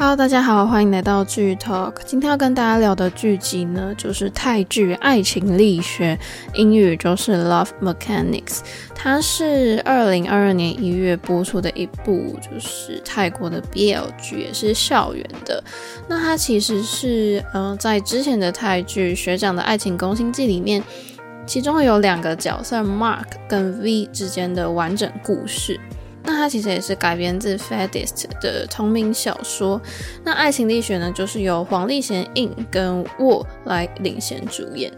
Hello，大家好，歡迎來到劇 Talk。今天要跟大家聊的劇集呢，就是泰劇《愛情力學》，英語就是《Love Mechanics》。它是二零二二年一月播出的一部，就是泰國的 BL 劇，也是校園的。那它其實是，嗯、呃，在之前的泰劇《學長的愛情攻心計》裡面，其中有兩個角色 Mark 跟 V 之間的完整故事。那它其實也是改編自 Faddist 的同名小說。那《愛情力學》呢，就是由黃立賢、Yin 跟 War 來領銜主演。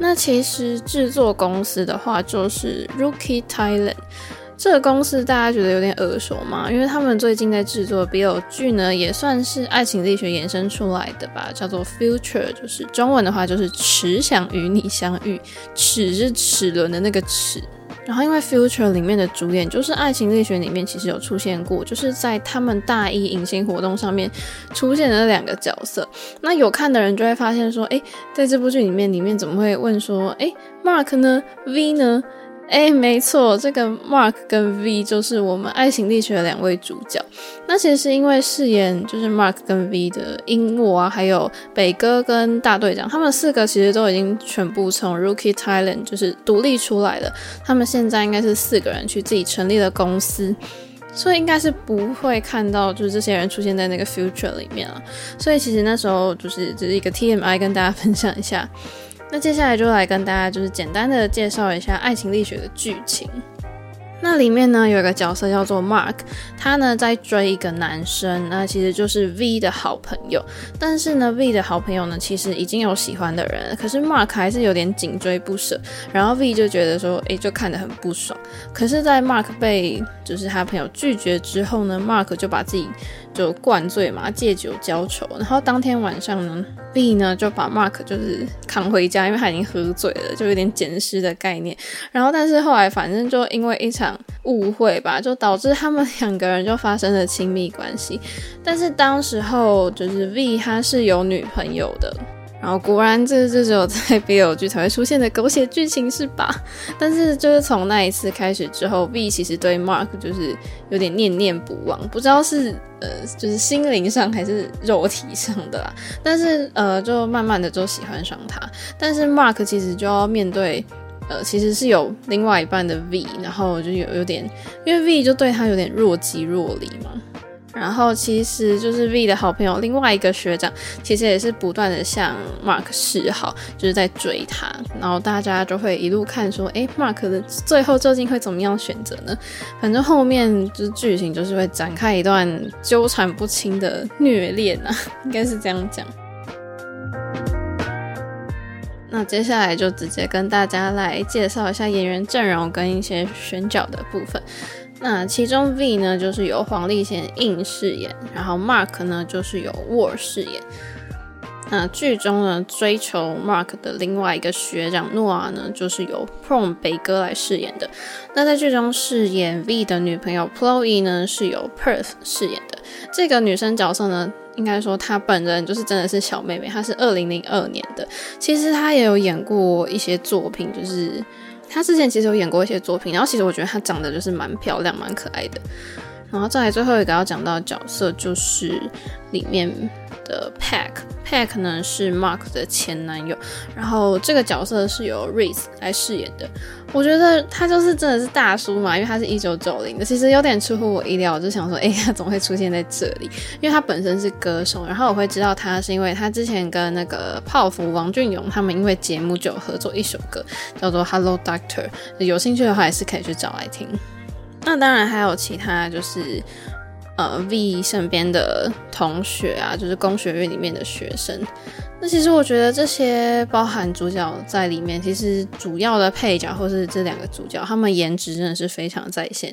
那其實製作公司的話，就是 Rookie Thailand 這個公司，大家覺得有點耳熟嗎？因為他們最近在製作 BL 劇呢，也算是《愛情力學》延伸出來的吧，叫做 Future，就是中文的話就是“齒想與你相遇”，齒是齒輪的那個齒。然後，因為《Future》裡面的主演就是《愛情力學》裡面其實有出現過，就是在他們大一迎新活動上面出現的那兩個角色。那有看的人就會發現說：“誒，在這部劇裡面，裡面怎麼會問說‘誒 Mark 呢？V 呢？’”哎、欸，沒錯，這個 Mark 跟 V 就是我們愛情力學的兩位主角。那其實是因為飾演就是 Mark 跟 V 的 YinWar 啊，還有北哥跟大隊長，他們四個其實都已經全部從 Rookie Thailand 就是獨立出來了。他們現在應該是四個人去自己成立了公司，所以應該是不會看到就是這些人出現在那個 future 裡面了。所以其實那時候就是只，就是一個 TMI，跟大家分享一下。那接下來就來跟大家就是簡單的介紹一下《愛情力學》的劇情。那裡面呢有一個角色叫做 Mark，他呢在追一個男生，那其實就是 V 的好朋友。但是呢 V 的好朋友呢其實已經有喜歡的人了，可是 Mark 還是有點緊追不捨。然後 V 就覺得說，誒、欸，就看得很不爽。可是，在 Mark 被就是他朋友拒絕之後呢，Mark 就把自己。就灌醉嘛，借酒澆愁。然後當天晚上呢，V 呢就把 Mark 就是扛回家，因為他已經喝醉了，就有點撿屍的概念。然後但是後來反正就因為一場誤會吧，就導致他們兩個人就發生了親密關係。但是當時候就是 V 他是有女朋友的。然後果然，這這只有在 BL 劇才會出現的狗血劇情是吧？但是就是從那一次開始之後，V 其實對 Mark 就是有點念念不忘，不知道是呃就是心靈上還是肉體上的啦。但是呃就慢慢的就喜歡上他，但是 Mark 其實就要面對呃其實是有另外一半的 V，然後就有有點因為 V 就對他有點若即若離嘛。然後其實就是 V 的好朋友，另外一個學長，其實也是不斷的向 Mark 示好，就是在追他。然後大家就會一路看說，哎，Mark 的最後究竟會怎麼樣選擇呢？反正後面就是劇情就是會展開一段糾纏不清的虐戀啊，應該是這樣講。那接下來就直接跟大家來介紹一下演員陣容跟一些選角的部分。那其中 V 呢，就是由黃立賢 Yin 飾演；然後 Mark 呢，就是由 War 飾演。那劇中呢，追求 Mark 的另外一個學長諾亞呢，就是由 Prom 北哥來飾演的。那在劇中飾演 V 的女朋友 Ploy 呢，是由 Perth 飾演的。這個女生角色呢，應該說她本人就是真的是小妹妹，她是二零零二年的。其實她也有演過一些作品，就是。他之前其實有演過一些作品，然後其實我覺得他長得就是蠻漂亮，蠻可愛的。然後再來最後一個要講到的角色，就是裡面的 Pack，Pack 呢，是 Mark 的前男友，然後這個角色是由 Raze 來飾演的。我覺得他就是真的是大叔嘛，因為他是一九九零的，其實有點出乎我意料，我就想說，哎，他怎麼會出現在這裡？因為他本身是歌手，然後我會知道他是因為他之前跟那個泡芙、王俊勇他們因為節目就有合作一首歌，叫做《Hello Doctor》，有興趣的話也是可以去找來聽。那當然還有其他就是。呃，V 身邊的同學啊，就是工學院裡面的學生。那其實我覺得這些，包含主角在裡面，其實主要的配角或是這兩個主角，他們顏值真的是非常在線。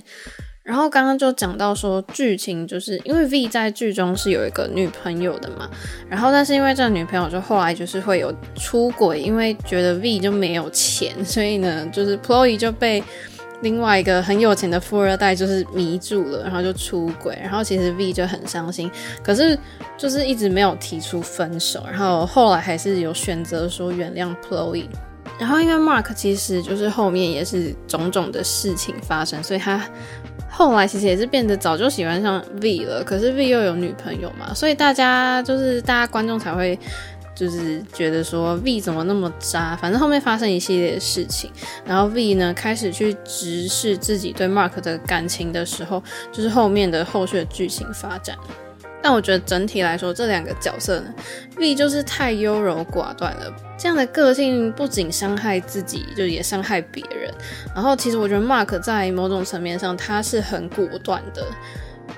然後剛剛就講到說，劇情就是因為 V 在劇中是有一個女朋友的嘛，然後但是因為這個女朋友就後來就是會有出軌，因為覺得 V 就沒有錢，所以呢，就是 Ploy 就被。另外一個很有錢的富二代就是迷住了，然後就出軌，然後其實 V 就很傷心，可是就是一直沒有提出分手，然後後來還是有選擇說原諒 Ploy，然後因為 Mark 其實就是後面也是種種的事情發生，所以他後來其實也是變得早就喜歡上 V 了，可是 V 又有女朋友嘛，所以大家就是大家觀眾才會。就是覺得說 V 怎麼那麼渣，反正後面發生一系列的事情，然後 V 呢開始去直視自己對 Mark 的感情的時候，就是後面的後續的劇情發展。但我覺得整體來說，這兩個角色呢，V 就是太優柔寡斷了，這樣的個性不僅傷害自己，就也傷害別人。然後其實我覺得 Mark 在某種層面上他是很果斷的，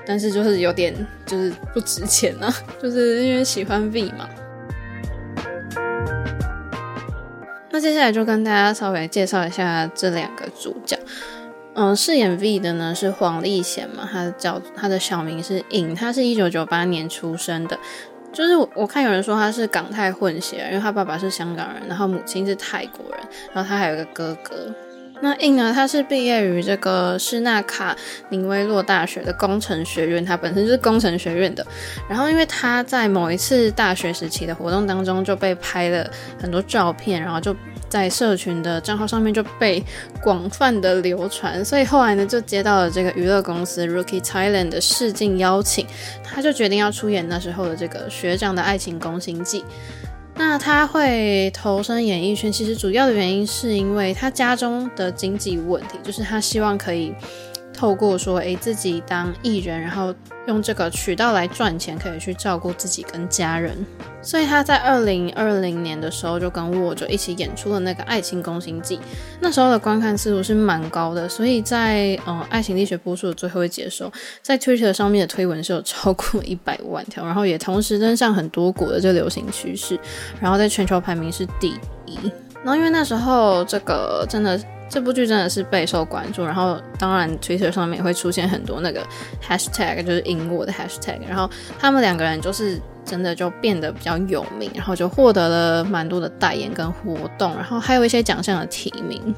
但是就是有點就是不值錢啊，就是因為喜歡 V 嘛。那接下來就跟大家稍微介紹一下這兩個主角。嗯，飾演 V 的呢是黃立賢嘛，他叫他的小名是尹，他是一九九八年出生的，就是我，我看有人說他是港泰混血，因為他爸爸是香港人，然後母親是泰國人，然後他還有一個哥哥。那 Yin 呢，他是畢業於這個施納卡寧威洛大學的工程學院，他本身就是工程學院的。然後，因為他在某一次大學時期的活動當中就被拍了很多照片，然後就在社群的賬號上面就被廣泛的流傳，所以後來呢就接到了這個娛樂公司 Rookie Thailand 的試鏡邀請，他就決定要出演那時候的這個《學長的愛情攻心計》。那他會投身演藝圈，其實主要的原因是因為他家中的經濟問題，就是他希望可以，透過說誒，自己當藝人，然後用這個渠道來賺錢，可以去照顧自己跟家人。所以他在二零二零年的時候就跟 War 就一起演出的那個《愛情攻心計》，那時候的觀看次數是蠻高的。所以在呃《愛情力學》播出的最後一集的時候，在 Twitter 上面的推文是有超過一百萬條，然後也同時登上很多股的這流行趨勢，然後在全球排名是第一。然後，因為那時候這個真的這部劇真的是備受關注，然後當然 Twitter 上面也會出現很多那個 Hashtag，就是因沃的 Hashtag，然後他們兩個人就是真的就變得比較有名，然後就獲得了蠻多的代言跟活動，然後還有一些獎項的提名。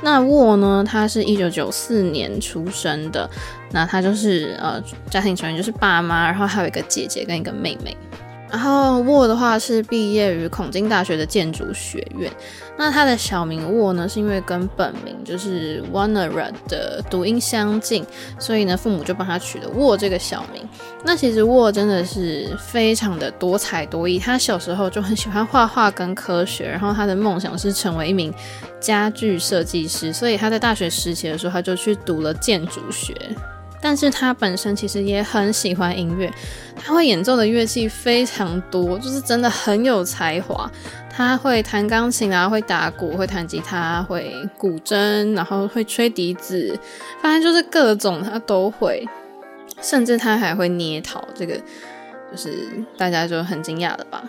那沃呢，他是一九九四年出生的，那他就是呃家庭成員就是爸媽，然後還有一個姐姐跟一個妹妹。然後沃的話是畢業於孔敬大學的建築學院，那他的小名沃呢，是因為跟本名就是 Wanarat 的讀音相近，所以呢，父母就幫他取了沃這個小名。那其實沃真的是非常的多才多藝，他小時候就很喜歡畫畫跟科學，然後他的夢想是成為一名家具設計師，所以他在大學時期的時候，他就去讀了建築學。但是他本身其實也很喜歡音樂，他會演奏的樂器非常多，就是真的很有才華。他會彈鋼琴啊，會打鼓，會彈吉他，會古箏，然後會吹笛子，反正就是各種他都會。甚至他還會捏陶，這個就是大家就很驚訝了吧。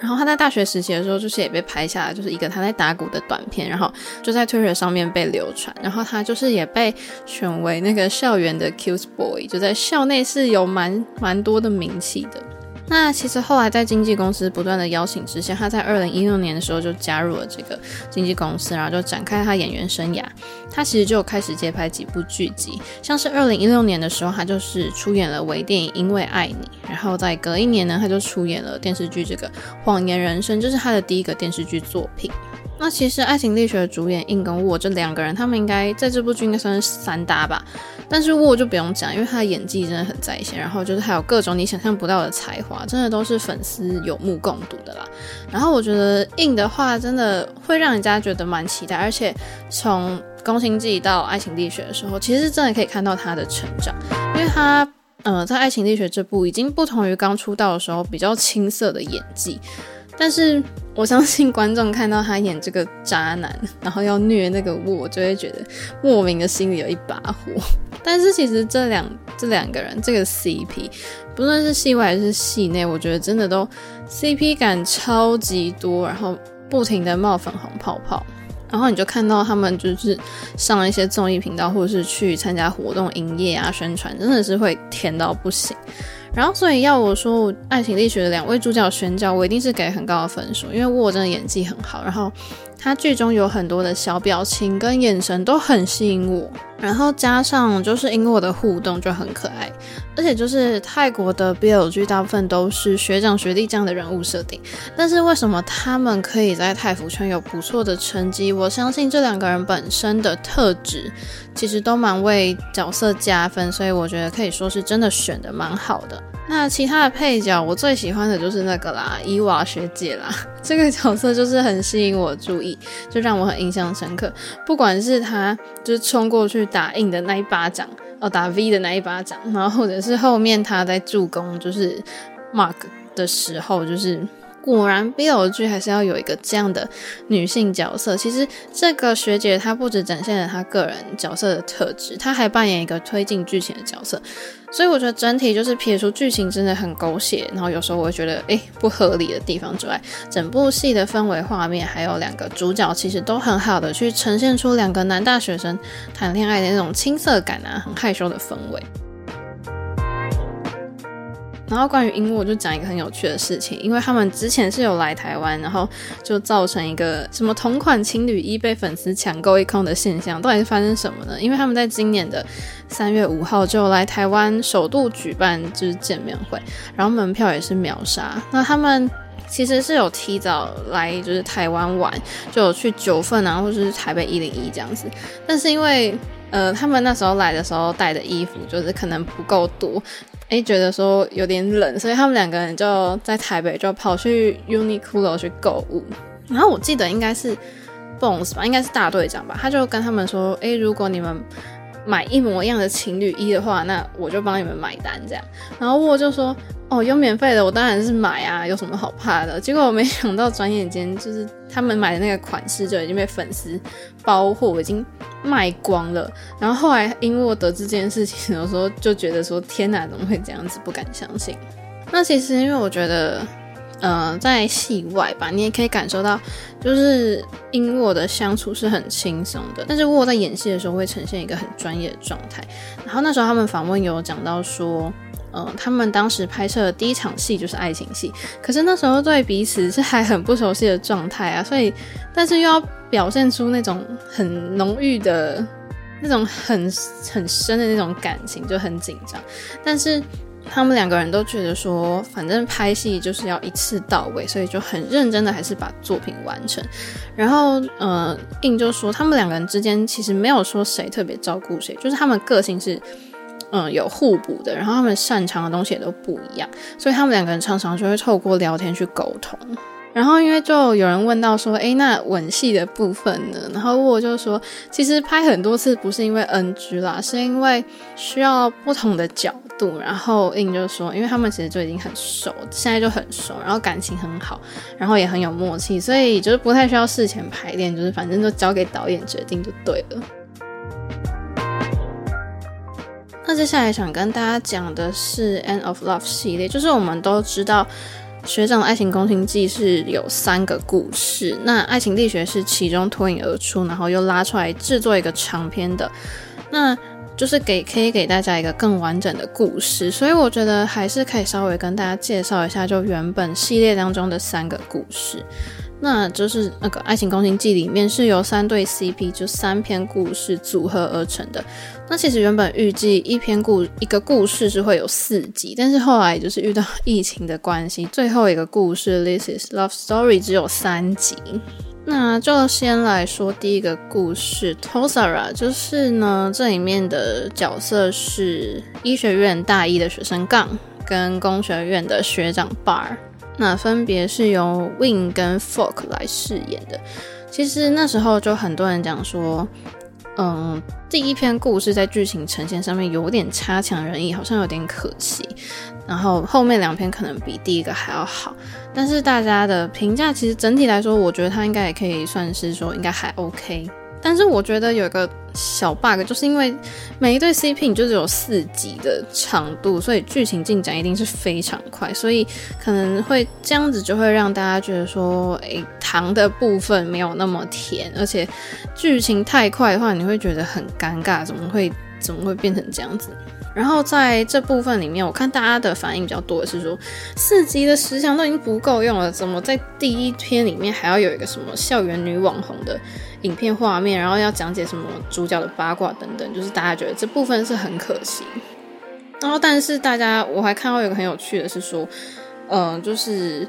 然後他在大學時期的時候，就是也被拍下來，就是一個他在打鼓的短片，然後就在 Twitter 上面被流傳。然後他就是也被選為那個校園的 Cute Boy，就在校內是有蠻蠻多的名氣的。那其實後來在經紀公司不斷的邀請之下，他在二零一六年的時候就加入了這個經紀公司，然後就展開他演員生涯。他其實就開始接拍幾部劇集，像是二零一六年的時候，他就是出演了微電影《因為愛你》，然後在隔一年呢，他就出演了電視劇這個《謊言人生》，這、就是他的第一個電視劇作品。那其實《愛情力學》的主演 Yin 跟 War 這兩個人，他們應該在這部劇應該算是三搭吧。但是 War 就不用講，因為他的演技真的很在線，然後就是還有各種你想象不到的才華，真的都是粉絲有目共睹的啦。然後我覺得 Yin 的話，真的會讓人家覺得蠻期待，而且從《工程師》到《愛情力學》的時候，其實真的可以看到他的成長，因為他嗯、呃，在《愛情力學》這部已經不同於剛出道的時候比較青澀的演技。但是我相信觀眾看到他演這個渣男，然後要虐那個我，我就會覺得莫名的心裡有一把火。但是其實這兩這兩個人這個 CP，不論是戲外還是戲內，我覺得真的都 CP 感超級多，然後不停的冒粉紅泡泡。然後你就看到他們就是上一些綜藝頻道，或者是去參加活動、營業啊宣傳，真的是會甜到不行。然後，所以要我說，《愛情力學》的兩位主角選角，我一定是給很高的分數，因為沃真的演技很好。然後。他劇中有很多的小表情跟眼神都很吸引我，然後加上就是因瓦的互動就很可愛，而且就是泰國的 BL 劇大部分都是學長學弟這樣的人物設定，但是為什麼他們可以在泰服圈有不錯的成績？我相信這兩個人本身的特質其實都蠻為角色加分，所以我覺得可以說是真的選的蠻好的。那其他的配角，我最喜歡的就是那個啦，伊娃學姐啦，這個角色就是很吸引我的注意，就讓我很印象深刻。不管是她就是衝過去打 Yin 的那一巴掌，哦打 V 的那一巴掌，然後或者是後面她在助攻就是 Mark 的時候，就是。果然，BL 劇還是要有一個這樣的女性角色。其實這個學姐她不只展現了她個人角色的特質，她還扮演一個推進劇情的角色。所以我覺得整體就是撇除劇情真的很狗血，然後有時候我會覺得誒不合理的地方之外，整部戲的氛圍、畫面，還有兩個主角其實都很好的去呈現出兩個男大學生談戀愛的那種青澀感啊，很害羞的氛圍。然後關於 YinWar，我就講一個很有趣的事情，因為他們之前是有來台灣，然後就造成一個什麼同款情侶衣，被粉絲搶購一空的現象，到底是發生什麼呢？因為他們在今年的三月五號就來台灣首度舉辦就是見面會，然後門票也是秒殺。那他們其實是有提早來就是台灣玩，就有去九份啊，或者就是台北一零一這樣子，但是因為呃他們那時候來的時候帶的衣服就是可能不夠多。哎、欸，覺得說有點冷，所以他們兩個人就在台北就跑去 UNIQLO 去購物。然後我記得應該是 Bones 吧，應該是大隊長吧，他就跟他們說：“哎、欸，如果你們……”買一模一樣的情侶衣的話，那我就幫你們買單這樣。然後我就說：“哦，有免費的，我當然是買啊，有什麼好怕的？”結果我沒想到，轉眼間就是他們買的那個款式就已經被粉絲包貨我已經賣光了。然後後來因為我得知這件事情的時候，我說就覺得說：“天哪，怎麼會這樣子？不敢相信。”那其實因為我覺得。呃，在戲外吧，你也可以感受到，就是 YinWar 的相處是很輕鬆的，但是 War 在演戲的時候會呈現一個很專業的狀態。然後那時候他們訪問有講到說，呃，他們當時拍攝的第一場戲就是愛情戲，可是那時候對彼此是還很不熟悉的狀態啊，所以，但是又要表現出那種很濃郁的、那種很很深的那種感情，就很緊張，但是。他們兩個人都覺得說，反正拍戲就是要一次到位，所以就很認真的還是把作品完成。然後，嗯，Yin 就說他們兩個人之間其實沒有說誰特別照顧誰，就是他們個性是，嗯，有互補的。然後他們擅長的東西也都不一樣，所以他們兩個人常常就會透過聊天去溝通。然後，因為就有人問到說：“哎，那吻戲的部分呢？”然後我就說，其實拍很多次不是因為 NG 啦，是因為需要不同的角度。然後 Yin 就說，因為他們其實就已經很熟，現在就很熟，然後感情很好，然後也很有默契，所以就是不太需要事前排練，就是反正就交給導演決定就對了。 那接下來想跟大家講的是《End of Love》系列，就是我們都知道。學長的愛情攻心計是有三個故事，那愛情力學是其中脫穎而出，然後又拉出來製作一個長篇的，那就是給可以給大家一個更完整的故事，所以我覺得還是可以稍微跟大家介紹一下，就原本系列當中的三個故事，那就是那個愛情攻心計裡面是由三對 CP 就三篇故事組合而成的。那其實原本預計一篇故一個故事是會有四集，但是後來就是遇到疫情的關係，最後一個故事 This Is Love Story 只有三集。那就先來說第一個故事 Tosara，就是呢這裡面的角色是醫學院大一的學生 Gang 跟工學院的學長 Bar，那分別是由 Win 跟 Folk 來飾演的。其實那時候就很多人講說。嗯，第一篇故事在劇情呈現上面有點差強人意，好像有點可惜。然後後面兩篇可能比第一個還要好，但是大家的評價其實整體來說，我覺得它應該也可以算是說應該還 OK。但是我覺得有一個小 bug，就是因為每一對 CP 你就只有四集的長度，所以劇情進展一定是非常快，所以可能會這樣子就會讓大家覺得說，哎、欸。糖的部分沒有那麼甜，而且劇情太快的話，你會覺得很尷尬。怎麼會怎麼會變成這樣子？然後在這部分裡面，我看大家的反應比較多的是說，四集的時長都已經不夠用了，怎麼在第一篇裡面還要有一個什麼校園女網紅的影片畫面，然後要講解什麼主角的八卦等等，就是大家覺得這部分是很可惜。然後，但是大家我還看到有一個很有趣的是說，嗯、呃，就是。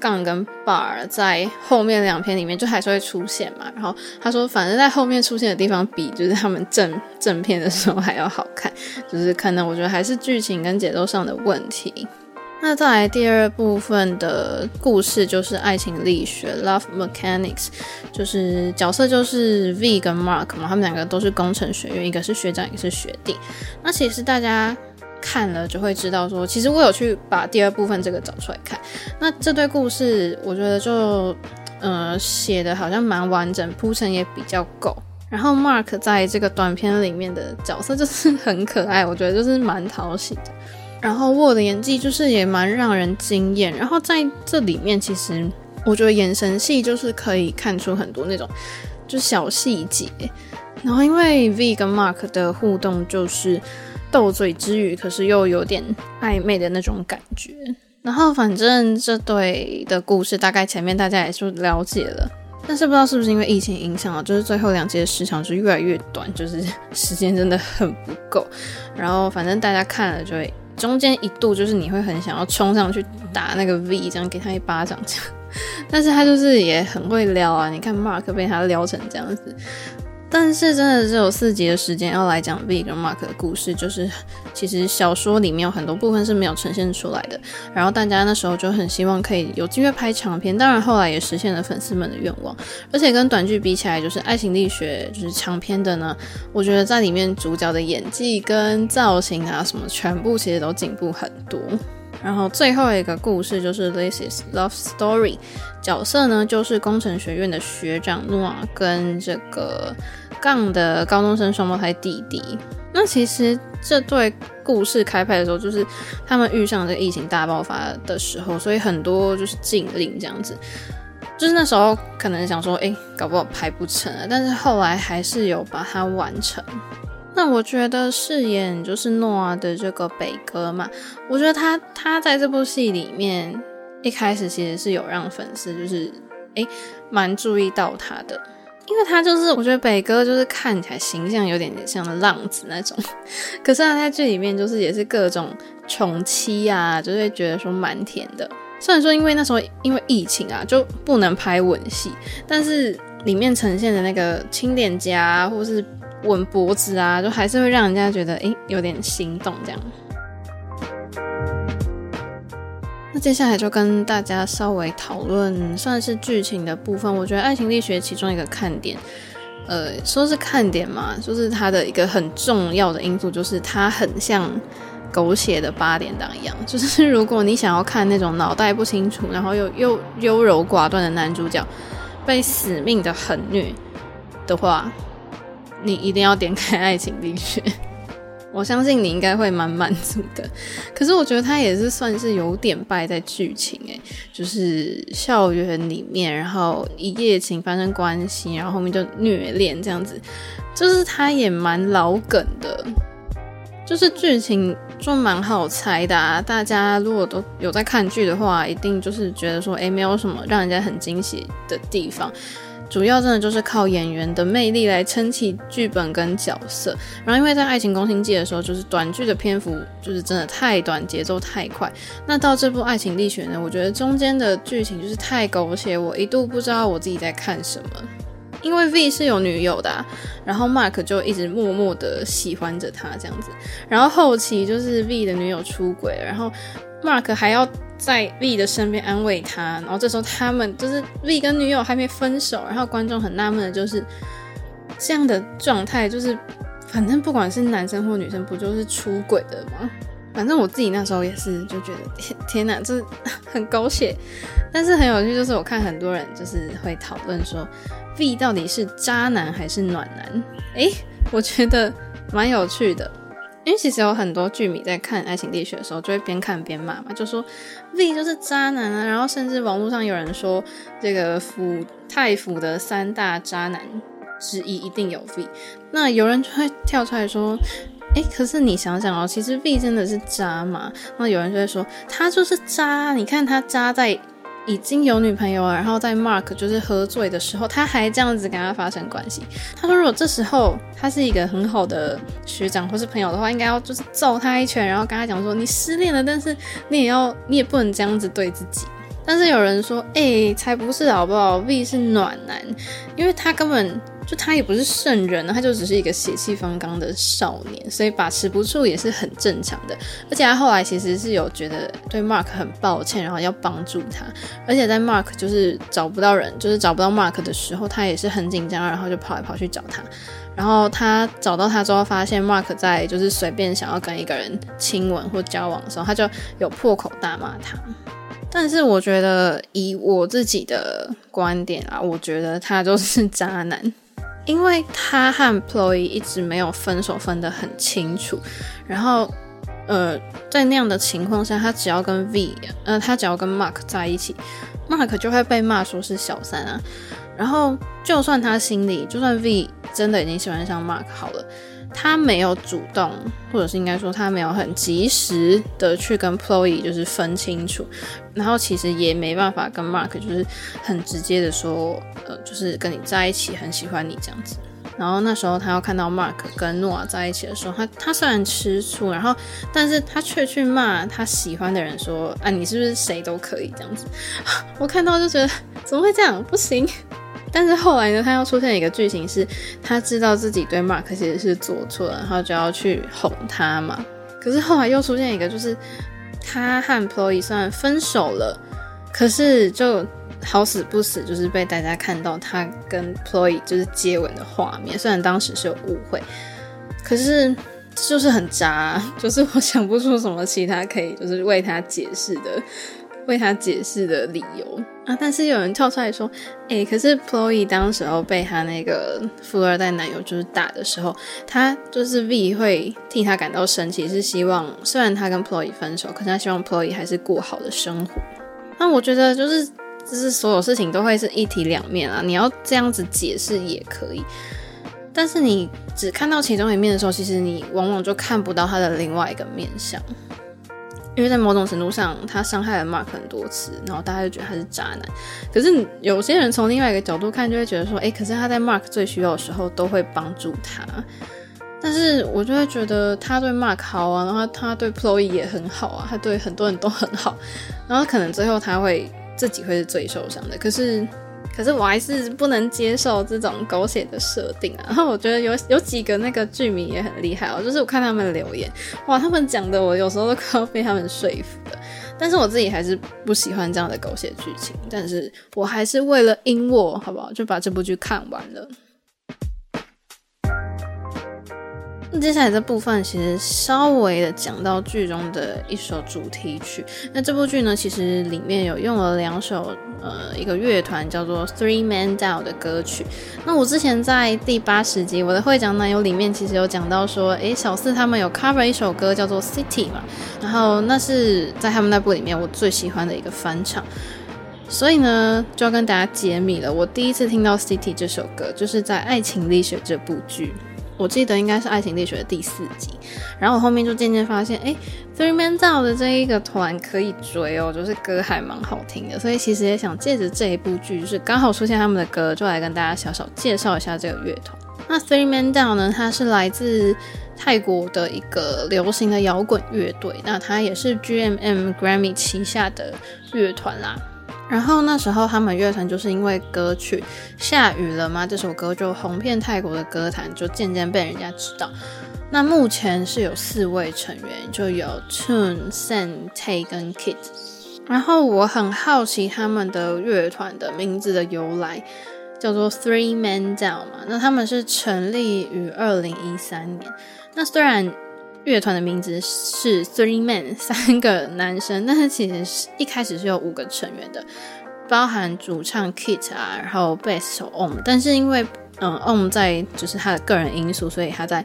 Yin 跟 War 在後面兩篇裡面就還是會出現嘛，然後他說，反正在後面出現的地方比就是他們正正片的時候還要好看，就是可能我覺得還是劇情跟節奏上的問題。那再來第二部分的故事就是愛情力學 （Love Mechanics），就是角色就是 V 跟 Mark 嘛，他們兩個都是工程學院，一個是學長，一個是學弟。那其實大家。看了就會知道說，說其實我有去把第二部分這個找出來看。那這對故事，我覺得就，呃，寫的好像蠻完整，鋪陳也比較夠。然後 Mark 在這個短片裡面的角色就是很可愛，我覺得就是蠻討喜的。然後 War 的演技就是也蠻讓人驚艷。然後在這裡面，其實我覺得眼神戲就是可以看出很多那種，就是小細節。然後因為 V 跟 Mark 的互動就是。鬥嘴之餘，可是又有點曖昧的那種感覺。然後，反正這對的故事，大概前面大家也就了解了。但是不知道是不是因為疫情影響啊，就是最後兩集的時長就越來越短，就是時間真的很不夠。然後，反正大家看了就會，中間一度就是你會很想要衝上去打那個 V，這樣給他一巴掌這樣。但是他就是也很會撩啊，你看馬克被他撩成這樣子。但是真的只有四集的時間要來講 Vee 跟 Mark 的故事，就是其實小說裡面有很多部分是沒有呈現出來的。然後大家那時候就很希望可以有機會拍長片，當然後來也實現了粉絲們的願望。而且跟短劇比起來，就是《愛情力學》就是長篇的呢，我覺得在裡面主角的演技跟造型啊什麼，全部其實都進步很多。然後最後一個故事就是《Lace's Love Story》，角色呢就是工程學院的學長諾、no ah、跟這個槓的高中生雙胞胎弟弟。那其實這對故事開拍的時候，就是他們遇上這個疫情大爆發的時候，所以很多就是禁令這樣子，就是那時候可能想說，哎、欸，搞不好拍不成了。但是後來還是有把它完成。那我覺得飾演就是諾阿的這個北哥嘛，我覺得他他在這部戲裡面一開始其實是有讓粉絲就是誒蠻、欸、注意到他的，因為他就是我覺得北哥就是看起來形象有點像浪子那種，可是他在劇裡面就是也是各種寵妻啊，就會、是、覺得說蠻甜的。雖然說因為那時候因為疫情啊就不能拍吻戲，但是裡面呈現的那個清點家、啊、或是吻脖子啊，就還是會讓人家覺得誒、欸、有點心動這樣。那接下來就跟大家稍微討論，算是劇情的部分。我覺得《愛情力學》其中一個看點，呃，說是看點嘛，說、就是它的一個很重要的因素，就是它很像狗血的八點檔一樣，就是如果你想要看那種腦袋不清楚，然後又又優柔寡斷的男主角被死命的狠虐的話。你一定要點開《愛情力學》，我相信你應該會蠻滿足的。可是我覺得它也是算是有點敗在劇情哎、欸，就是校園裡面，然後一夜情發生關係，然後後面就虐戀這樣子，就是它也蠻老梗的，就是劇情就蠻好猜的啊。大家如果都有在看劇的話，一定就是覺得說，哎、欸，沒有什麼讓人家很驚喜的地方。主要真的就是靠演員的魅力來撐起劇本跟角色，然後因為在《愛情攻心計》的時候，就是短劇的篇幅就是真的太短，節奏太快。那到這部《愛情力學》呢，我覺得中間的劇情就是太狗血，我一度不知道我自己在看什麼。因為 V 是有女友的啊，然後 Mark 就一直默默的喜歡着他這樣子，然後後期就是 V 的女友出軌，然後。Mark 還要在 V 的身邊安慰他，然後這時候他們就是 V 跟女友還沒分手，然後觀眾很納悶的就是這樣的狀態，就是反正不管是男生或女生，不就是出軌的嗎？反正我自己那時候也是就覺得，天、欸，天哪就這、是、很狗血，但是很有趣，就是我看很多人就是會討論說 V 到底是渣男還是暖男？哎、欸，我覺得蠻有趣的。因為其實有很多劇迷在看《愛情力學》的時候，就會邊看邊罵嘛，就說 V 就是渣男啊。然後甚至網絡上有人說，這個府太府的三大渣男之一一定有 V。那有人就會跳出來說，哎、欸，可是你想想哦，其實 V 真的是渣嘛。那有人就會說，他就是渣，你看他渣在。已經有女朋友了，然後在 Mark 就是喝醉的時候，他還這樣子跟他發生關係。他說，如果這時候他是一個很好的學長或是朋友的話，應該要就是揍他一拳，然後跟他講說，你失戀了，但是你也要，你也不能這樣子對自己。但是有人說，哎、欸，才不是好不好，V 是暖男，因為他根本。就他也不是聖人，他就只是一個血氣方剛的少年，所以把持不住也是很正常的。而且他後來其實是有覺得對 Mark 很抱歉，然後要幫助他。而且在 Mark 就是找不到人，就是找不到 Mark 的時候，他也是很緊張，然後就跑來跑去找他。然後他找到他之後，發現 Mark 在就是隨便想要跟一個人親吻或交往的時候，他就有破口大罵他。但是我覺得以我自己的觀點啊，我覺得他就是渣男。因為他和 Ploy 一直沒有分手分得很清楚，然後，呃，在那樣的情況下，他只要跟 V，呃，他只要跟 Mark 在一起，Mark 就會被罵說是小三啊。然後，就算他心裡，就算 V 真的已經喜歡上 Mark 好了。他沒有主動，或者是應該說他沒有很及時的去跟 Ploy 就是分清楚，然後其實也沒辦法跟 Mark 就是很直接的說，呃，就是跟你在一起很喜歡你這樣子。然後那時候他要看到 Mark 跟諾瓦在一起的時候，他他雖然吃醋，然後但是他卻去罵他喜歡的人說，啊，你是不是誰都可以這樣子？我看到就覺得怎麼會這樣？不行。但是後來呢，他又出現一個劇情是，是他知道自己對 Mark 其實是做錯了，然後就要去哄他嘛。可是後來又出現一個，就是他和 Ploy 雖然分手了，可是就好死不死，就是被大家看到他跟 Ploy 就是接吻的畫面。雖然當時是有誤會，可是就是很渣，就是我想不出什麼其他可以就是為他解釋的。為他解釋的理由啊，但是有人跳出來說：“哎、欸，可是 Ploy 當時候被他那個富二代男友就是打的時候，他就是 V 會替他感到生氣，是希望雖然他跟 Ploy 分手，可是他希望 Ploy 還是過好的生活。”那我覺得就是就是所有事情都會是一體兩面啊，你要這樣子解釋也可以，但是你只看到其中一面的時候，其實你往往就看不到他的另外一個面相。因為在某種程度上，他傷害了 Mark 很多次，然後大家就覺得他是渣男。可是有些人從另外一個角度看，就會覺得說，哎，可是他在 Mark 最需要的時候都會幫助他。但是我就會覺得他對 Mark 好啊，然後他對 Ploy 也很好啊，他對很多人都很好，然後可能最後他會自己會是最受傷的。可是。可是我還是不能接受這種狗血的設定啊！然後我覺得有有幾個那個劇迷也很厲害哦，就是我看他們留言，哇，他們講的我有時候都快要被他們說服了。但是我自己還是不喜歡這樣的狗血劇情，但是我還是為了 YinWar 好不好，就把這部劇看完了。那接下來這部分其實稍微的講到劇中的一首主題曲。那這部劇呢，其實裡面有用了兩首，呃，一個樂團叫做 Three Man Down 的歌曲。那我之前在第八十集《我的會長男友》裡面，其實有講到說，誒、欸，小四他們有 cover 一首歌叫做 City 嘛。然後那是在他們那部裡面我最喜歡的一個翻唱。所以呢，就要跟大家解密了。我第一次聽到 City 這首歌，就是在《愛情力學》這部劇。我記得應該是《愛情力學》的第四集，然後我後面就漸漸發現，哎、欸，Three Man Down 的這一個團可以追哦，就是歌還蠻好聽的，所以其實也想借着這一部劇，就是剛好出現他們的歌，就來跟大家小小介紹一下這個樂團。那 Three Man Down 呢，它是來自泰國的一個流行的搖滾樂隊，那它也是 GMM Grammy 旗下的樂團啦。然後那時候他們樂團就是因為歌曲《下雨了嗎》這首歌就紅遍泰國的歌壇，就漸漸被人家知道。那目前是有四位成員，就有 Tune、Sen、Take 跟 Kit。然後我很好奇他們的樂團的名字的由來，叫做 Three Man Down 嘛。那他們是成立於二零一三年。那雖然樂團的名字是 Three Man 三個男生。但是其實是一開始是有五個成員的，包含主唱 Kit 啊，然後 Bass 手 Om。但是因為嗯，Om 在就是他的個人因素，所以他在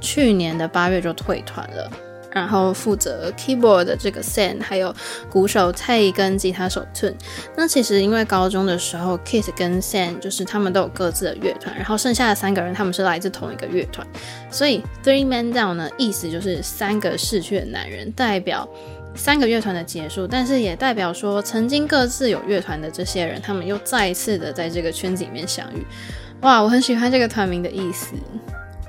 去年的八月就退團了。然後負責 keyboard 的這個 Sam 還有鼓手 Tay 跟吉他手 Tun。那其實因為高中的時候 Kit 跟 Sam 就是他們都有各自的樂團，然後剩下的三個人他們是來自同一個樂團，所以 Three Man Down 呢，意思就是三個逝去的男人，代表三個樂團的結束，但是也代表說曾經各自有樂團的這些人，他們又再一次的在這個圈子裡面相遇。哇，我很喜歡這個團名的意思。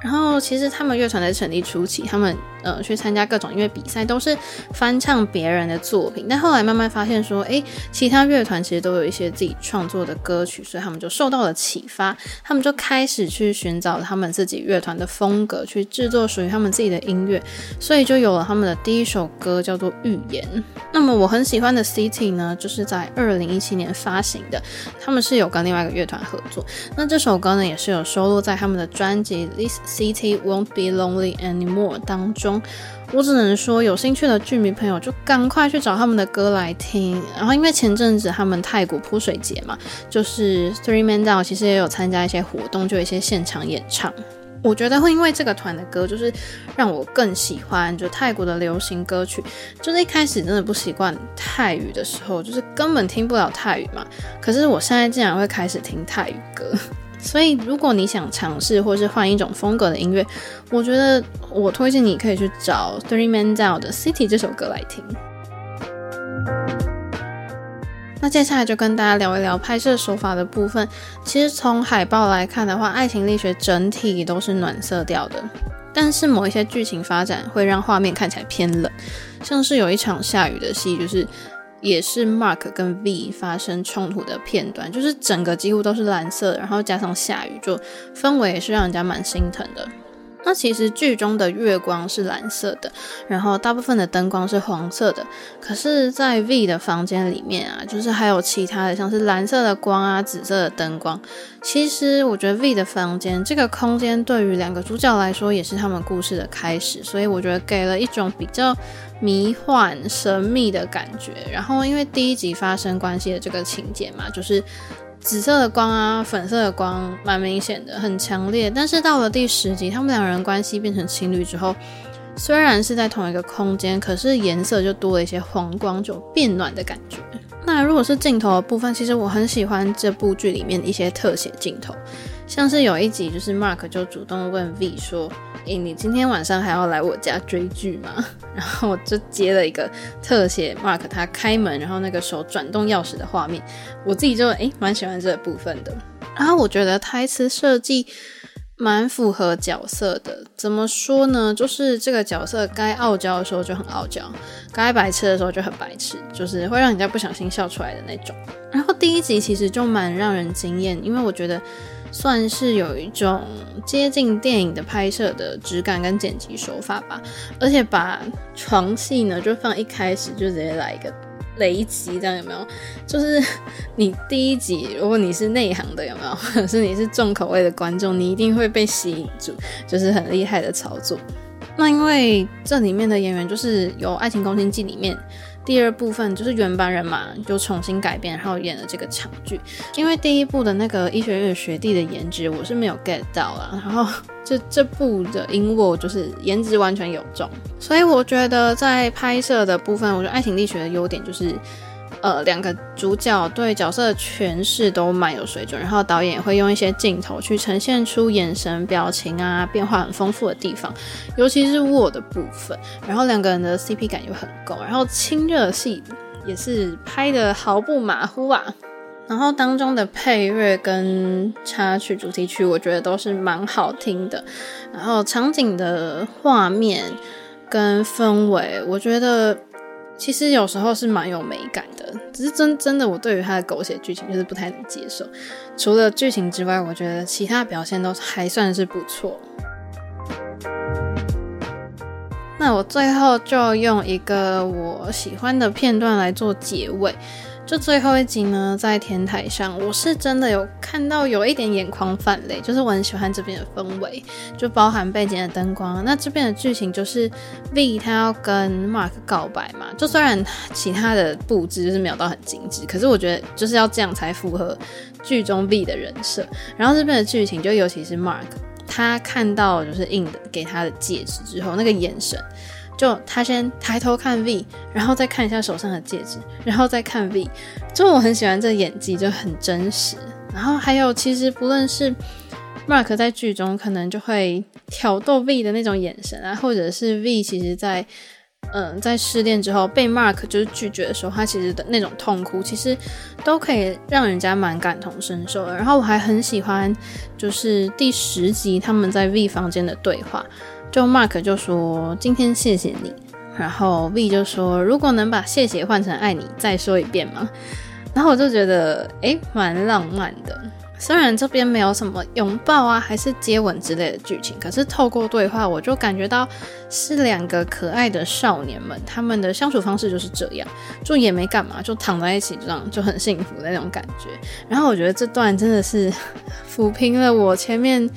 然後其實他們樂團在成立初期，他們呃去參加各種音樂比賽都是翻唱別人的作品，但後來慢慢發現說，哎，其他樂團其實都有一些自己創作的歌曲，所以他們就受到了啟發，他們就開始去尋找他們自己樂團的風格，去制作屬於他們自己的音樂，所以就有了他們的第一首歌叫做《預言》。那麼我很喜歡的《City》呢，就是在二零一七年發行的，他們是有跟另外一個樂團合作，那這首歌呢也是有收錄在他們的專輯《List》。City won't be lonely anymore。當中，我只能說，有興趣的劇迷朋友就趕快去找他們的歌來聽。然後，因為前陣子他們泰國潑水節嘛，就是 Three Man Down 其實也有參加一些活動，就一些現場演唱。我覺得會因為這個團的歌，就是讓我更喜歡就泰國的流行歌曲。就是一開始真的不習慣泰語的時候，就是根本聽不了泰語嘛。可是我現在竟然會開始聽泰語歌。所以，如果你想嘗試或是換一種風格的音樂，我覺得我推薦你可以去找 Three Man Down 的《City》這首歌來聽。 那接下來就跟大家聊一聊拍攝手法的部分。其實從海報來看的話，《愛情力學》整體都是暖色調的，但是某一些劇情發展會讓畫面看起來偏冷，像是有一場下雨的戲，就是。也是 Mark 跟 V 發生衝突的片段，就是整個幾乎都是藍色，然後加上下雨，就氛圍也是讓人家蠻心疼的。那其實劇中的月光是藍色的，然後大部分的燈光是黃色的。可是，在 V 的房間裡面啊，就是還有其他的，像是藍色的光啊、紫色的燈光。其實我覺得 V 的房間這個空間對於兩個主角來說也是他們故事的開始，所以我覺得給了一種比較迷幻、神秘的感覺。然後因為第一集發生關係的這個情節嘛，就是。紫色的光啊，粉色的光，蠻明顯的，很強烈。但是到了第十集，他們兩人關係變成情侶之後，雖然是在同一個空間，可是顏色就多了一些黃光，就變暖的感覺。那如果是鏡頭的部分，其實我很喜歡這部劇裡面的一些特寫鏡頭。像是有一集，就是 Mark 就主動問 V 說：“哎，你今天晚上還要來我家追劇嗎？”然後就接了一個特寫，Mark 他開門，然後那個手轉動鑰匙的畫面，我自己就誒蠻喜歡這個部分的。然後我覺得台詞設計蠻符合角色的，怎麼說呢？就是這個角色該傲嬌的時候就很傲嬌，該白痴的時候就很白痴，就是會讓人家不小心笑出來的那種。然後第一集其實就蠻讓人驚豔，因為我覺得。算是有一種接近電影的拍攝的質感跟剪輯手法吧，而且把床戲呢，就放一開始就直接來一個雷擊，這樣有沒有？就是你第一集，如果你是內行的，有沒有？或者是你是重口味的觀眾，你一定會被吸引住，就是很厲害的操作。那因為這裡面的演員就是有《愛情攻心計》裡面。第二部分就是原班人馬就重新改編，然後演了這個長劇。因為第一部的那個醫學院學弟的顏值我是沒有 get 到啊，然後這這部的因 n 就是顏值完全有種，所以我覺得在拍攝的部分，我覺得《愛情力學》的優點就是。呃，兩個主角對角色的詮釋都蠻有水準，然後導演也會用一些鏡頭去呈現出眼神、表情啊變化很豐富的地方，尤其是我的部分，然後兩個人的 CP 感又很夠，然後親熱戲也是拍得毫不馬虎啊，然後當中的配樂跟插曲、主題曲，我覺得都是蠻好聽的，然後場景的畫面跟氛圍，我覺得。其實有時候是蠻有美感的，只是真真的我對於他的狗血劇情就是不太能接受。除了劇情之外，我覺得其他表現都還算是不錯。那我最後就用一個我喜歡的片段來做結尾。就最後一集呢，在天台上，我是真的有看到有一點眼眶泛淚，就是我很喜歡這邊的氛圍，就包含背景的燈光。那這邊的劇情就是 V 他要跟 Mark 告白嘛，就雖然其他的佈置就是沒有到很精緻，可是我覺得就是要這樣才符合劇中 V 的人設。然後這邊的劇情就尤其是 Mark，他看到就是 Yin 給他的戒指之後，那個眼神。就他先抬頭看 V，然後再看一下手上的戒指，然後再看 V。就我很喜歡這個演技，就很真實。然後還有，其實不論是 Mark 在劇中可能就會挑逗 V 的那種眼神啊，或者是 V 其實在呃在失戀之後被 Mark 就是拒絕的時候，他其實的那種痛哭，其實都可以讓人家蠻感同身受的。然後我還很喜歡，就是第十集他們在 V 房間的對話。就 Mark 就說，今天謝謝你，然後 V 就說，如果能把謝謝換成愛你，再說一遍嘛。然後我就覺得誒，蠻浪漫的。雖然這邊沒有什麼擁抱啊，還是接吻之類的劇情，可是透過對話，我就感覺到是兩個可愛的少年們，他們的相處方式就是這樣，就也沒幹嘛，就躺在一起這樣，就很幸福的那種感覺。然後我覺得這段真的是撫平了我前面。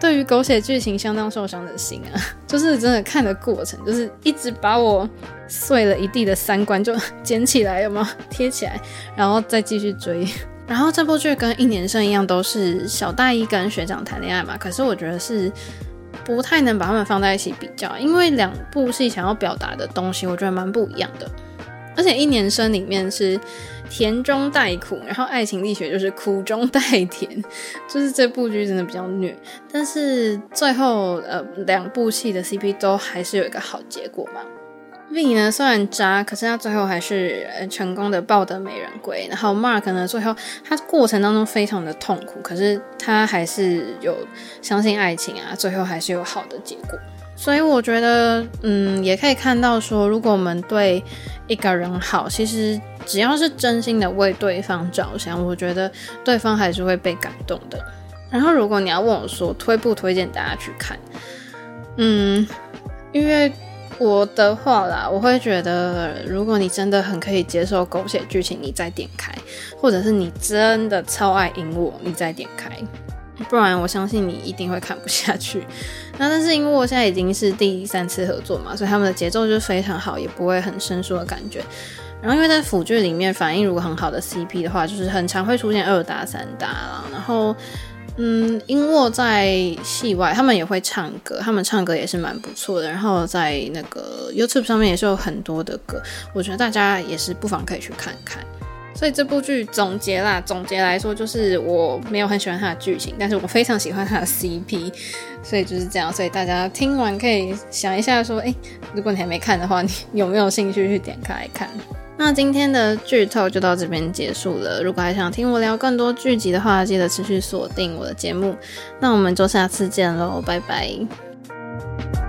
對於狗血劇情相當受傷的心啊，就是真的看的過程，就是一直把我碎了一地的三觀就撿起來，有沒有貼起來，然後再繼續追。然後這部劇跟一年生一樣，都是小大一跟學長談戀愛嘛。可是我覺得是不太能把他們放在一起比較，因為兩部戲想要表達的東西，我覺得蠻不一樣的。而且一年生裡面是。甜中帶苦，然後愛情力學就是苦中帶甜，就是這部劇真的比較虐。但是最後，呃，兩部戲的 CP 都還是有一個好結果嘛。V 呢雖然渣，可是他最後還是成功的抱得美人歸。然後 Mark 呢？最後他過程當中非常的痛苦，可是他還是有相信愛情啊，最後還是有好的結果。所以我覺得，嗯，也可以看到說，如果我們對一個人好，其實只要是真心的為對方着想，我覺得對方還是會被感動的。然後，如果你要問我說，說推不推薦大家去看，嗯，因為我的話啦，我會覺得，如果你真的很可以接受狗血劇情，你再點開；或者是你真的超愛 YinWar，你再點開。不然我相信你一定會看不下去。那但是因為 YinWar 現在已經是第三次合作嘛，所以他們的節奏就非常好，也不會很生疏的感覺。然後因為在腐劇裡面反應如果很好的 CP 的話，就是很常會出現二搭三搭啦。然後嗯，YinWar 在戲外他們也會唱歌，他們唱歌也是蠻不錯的。然後在那個 YouTube 上面也是有很多的歌，我覺得大家也是不妨可以去看看。所以這部劇總結啦，總結來說就是我沒有很喜歡它的劇情，但是我非常喜歡它的 CP，所以就是這樣。所以大家聽完可以想一下說，欸，如果你還沒看的話，你有沒有興趣去點開來看？那今天的劇透就到這邊結束了。如果還想聽我聊更多劇集的話，記得持續鎖定我的節目。那我們就下次見嘍，拜拜。